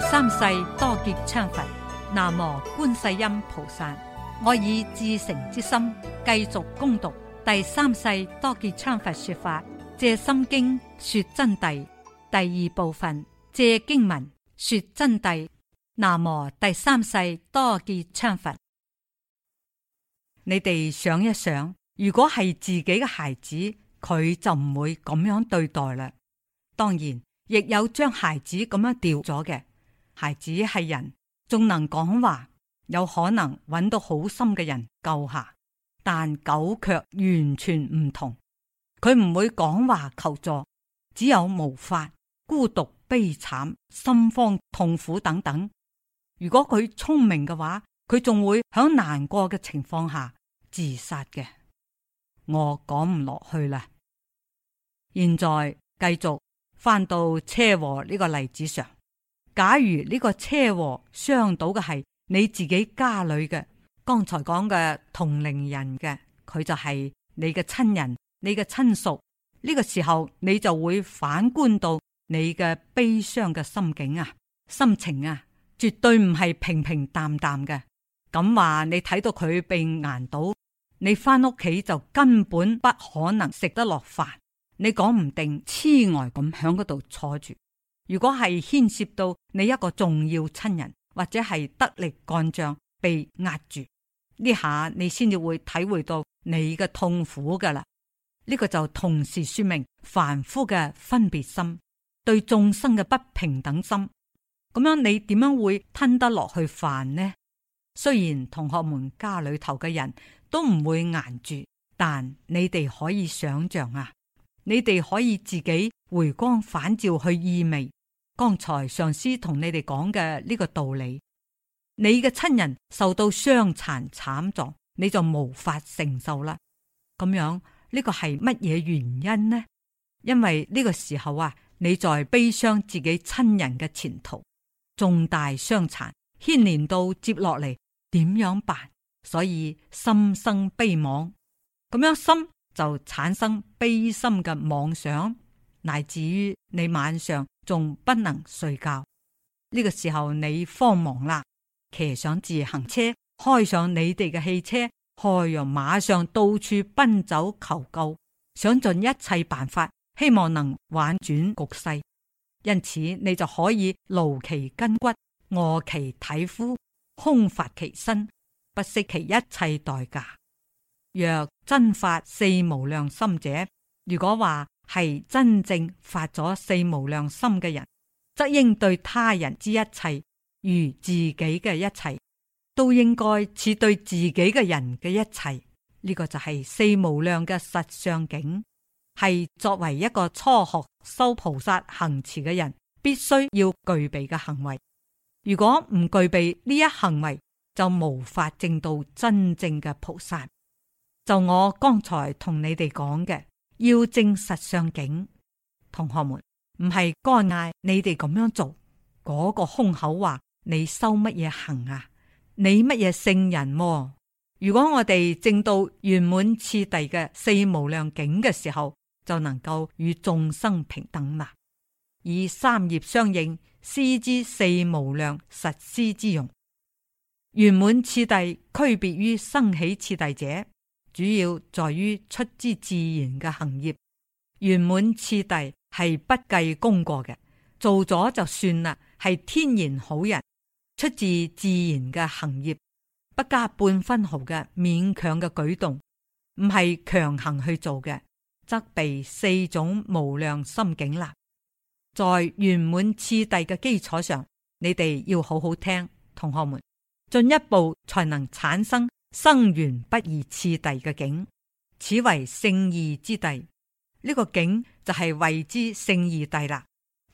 第三世多杰羌佛，南無觀世音菩薩。我以至誠之心繼續恭讀第三世多杰羌佛說法，借心經說真諦第二部分，借經文說真諦。南無第三世多杰羌佛。你哋想一想，如果係自己嘅孩子，佢就唔會咁樣對待啦。當然，亦有將孩子咁樣掉咗嘅。孩子係人，仲能講話，有可能揾到好心嘅人救下。但狗卻完全唔同，佢唔會講話求助，只有無法、孤獨、悲慘、心慌、痛苦等等。如果佢聰明嘅話，佢仲會響難過嘅情況下自殺嘅。我講唔落去啦，現在繼續翻到車禍呢個例子上。假如呢個車禍傷到嘅，係你自己家裏嘅，剛才講嘅同齡人嘅，佢就係你嘅親人、你嘅親屬。呢個時候你就會反觀到你嘅悲傷嘅心境啊、心情啊，絕對唔係平平淡淡嘅。咁話你睇到佢被挨到，你返屋企就根本不可能食得落飯，你講唔定痴呆咁響嗰度坐住。如果係牽涉到你一個重要親人或者係得力幹將被壓住，呢下你先至會體會到你嘅痛苦噶啦。呢個就同時說明凡夫嘅分別心對眾生嘅不平等心，咁樣你點樣會吞得落去飯呢？雖然同學們家裏頭嘅人都唔會挨住，但你哋可以想象啊，你哋可以自己回光返照去意味。剛才上司同你哋講嘅呢個道理，你嘅親人受到傷殘慘狀，你就無法承受啦。咁樣呢個係乜嘢原因呢？因為呢個時候啊，你在悲傷自己親人嘅前途重大傷殘，牽連到接落嚟點樣辦，所以心生悲惘。咁樣心就產生悲心嘅妄想，乃至於你晚上。仲不能睡覺，呢、這個時候你慌忙啦，騎上自行車，開上你哋嘅汽車，開上馬上到處奔走求救，想盡一切辦法，希望能挽轉局勢。因此，你就可以勞其筋骨，餓、呃、其體膚，空乏其身，不惜其一切代價。若真發四無量心者，如果話。係真正發咗四無量心嘅人，則應對他人之一切，如自己嘅一切都應該似對自己嘅人嘅一切。呢個就係四無量嘅實相境，係作為一個初學修菩薩行持嘅人必須要具備嘅行為。如果唔具備呢一行為，就無法證到真正嘅菩薩。就我剛才同你哋講嘅。要證實上境，同學們唔係乾嗌，你哋咁樣做，嗰、那個空口話，你修乜嘢行啊？你乜嘢聖人、啊？如果我哋正到圓滿次第嘅四無量境嘅時候，就能夠與眾生平等啦、啊。以三業相應，施之四無量，實施之用。圓滿次第區別於生起次第者，主要在於出自自然嘅行業，圓滿次第係不計功過嘅，做咗就算啦，係天然好人，出自自然嘅行業，不加半分毫嘅勉強嘅舉動，唔係強行去做嘅，則被四種無量心境啦。在圓滿次第嘅基礎上，你哋要好好聽，同學們，進一步才能產生。生源不二次第嘅境，此為聖義之諦。呢、這個境就係謂之聖義諦啦。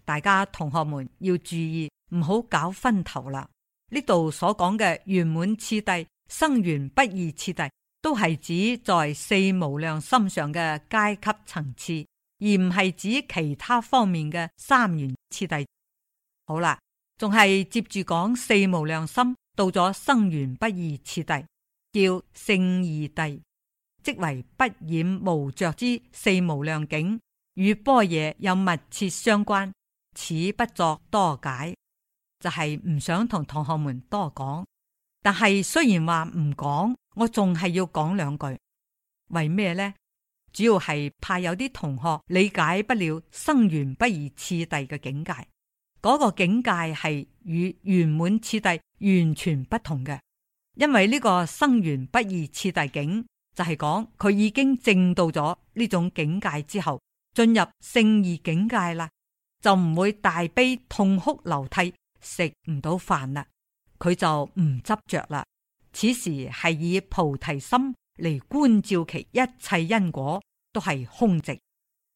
大家同學們要注意，唔好搞分頭啦。呢度所講嘅圓滿次第、生源不二次第，都係指在四無量心上嘅階級層次，而唔係指其他方面嘅三元次第。好啦，仲係接住講四無量心，到咗生源不二次第。叫聖二諦，即為不染無着之四無量境，與般若有密切相關。此不作多解，就係、是、唔想同同學們多講。但係雖然話唔講，我仲係要講兩句。為咩咧？主要係怕有啲同學理解不了生圓不二次第嘅境界，嗰、那個境界係與圓滿次第完全不同嘅。因為呢個生源不二次第境，就係講佢已經正到咗呢種境界之後，進入聖義境界啦，就唔會大悲痛哭流涕，食唔到飯啦，佢就唔執着啦。此時係以菩提心嚟觀照其一切因果都係空寂，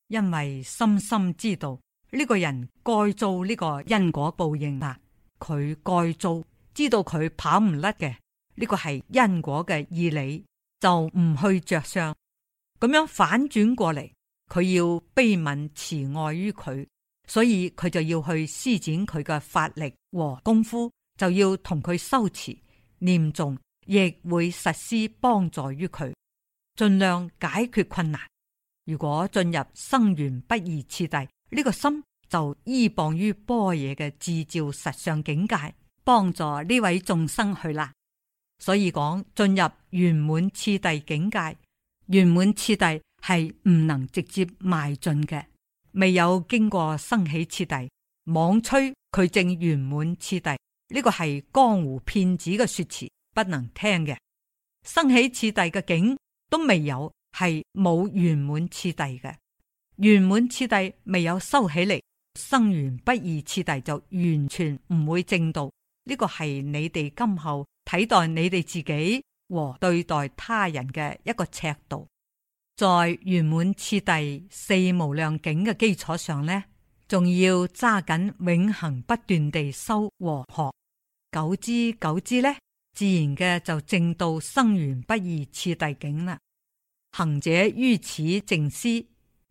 因為深深知道呢、這個人該做呢個因果報應啊，佢該做，知道佢跑唔甩嘅。呢個係因果嘅義理，就唔去着相咁樣反轉過嚟，佢要悲憫慈愛於佢，所以佢就要去施展佢嘅法力和功夫，就要同佢修持念誦，亦會實施幫助於佢，盡量解決困難。如果進入生源不易，次第呢、呢個心就依傍於般若嘅自照實相境界，幫助呢位眾生去啦。所以講進入圓滿次第境界，圓滿次第係唔能直接邁進嘅，未有經過生起次第，妄吹佢正圓滿次第，呢個係江湖騙子嘅說辭，不能聽嘅。生起次第嘅境都未有，係冇圓滿次第嘅。圓滿次第未有收起嚟，生圓不二次第就完全唔會正道。呢個係你哋今後。睇待你哋自己和對待他人嘅一個尺度，在圓滿次第四無量境嘅基礎上呢，仲要揸緊永恆不斷地修和學，久之久之呢，自然嘅就證到生圓不二次第境啦。行者於此靜思，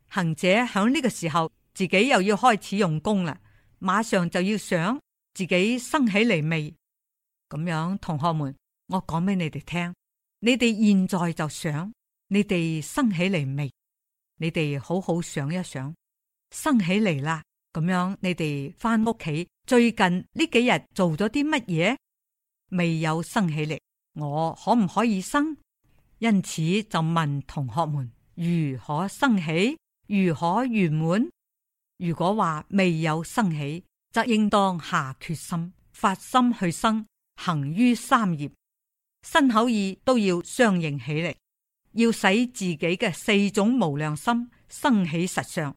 行者響呢個時候自己又要開始用功啦，馬上就要想自己生起嚟未？咁樣，同學們，我講俾你哋聽，你哋現在就想，你哋生起嚟未？你哋好好想一想，生起嚟啦。咁樣，你哋翻屋企最近呢幾日做咗啲乜嘢？未有生起嚟，我可唔可以生？因此就問同學們，如何生起？如何圓滿？如果話未有生起，就應當下決心、發心去生。行於三業，身口意都要相應起嚟，要使自己嘅四種無量心生起實相，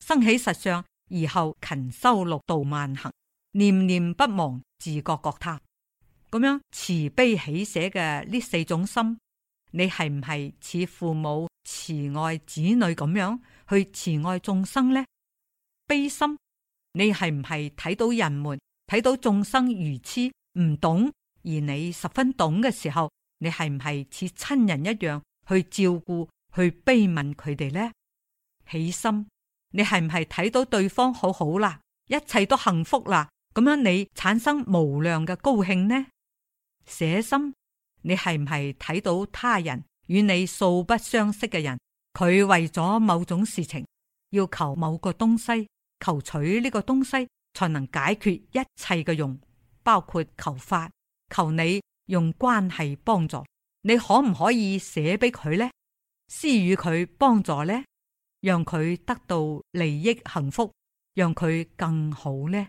生起實相，而後勤修六度萬行，念念不忘自覺覺他，咁樣慈悲喜捨嘅呢四種心，你係唔係似父母慈愛子女咁樣去慈愛眾生呢？悲心，你係唔係睇到人們睇到眾生如痴？唔懂，而你十分懂嘅時候，你係唔係似親人一樣去照顧、去悲憫佢哋呢？喜心，你係唔係睇到對方好好啦，一切都幸福啦？咁樣你產生無量嘅高興呢？捨心，你係唔係睇到他人與你素不相識嘅人，佢為咗某種事情要求某個東西，求取呢個東西才能解決一切嘅用？包括求法，求你用關係幫助你，可唔可以寫俾佢呢？施予佢幫助呢，讓佢得到利益、幸福，讓佢更好呢？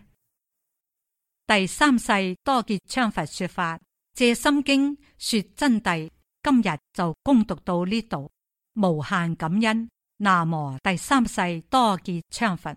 第三世多杰羌佛說法《藉心經》說真諦，今日就恭誦到呢度，無限感恩。那麼第三世多杰羌佛。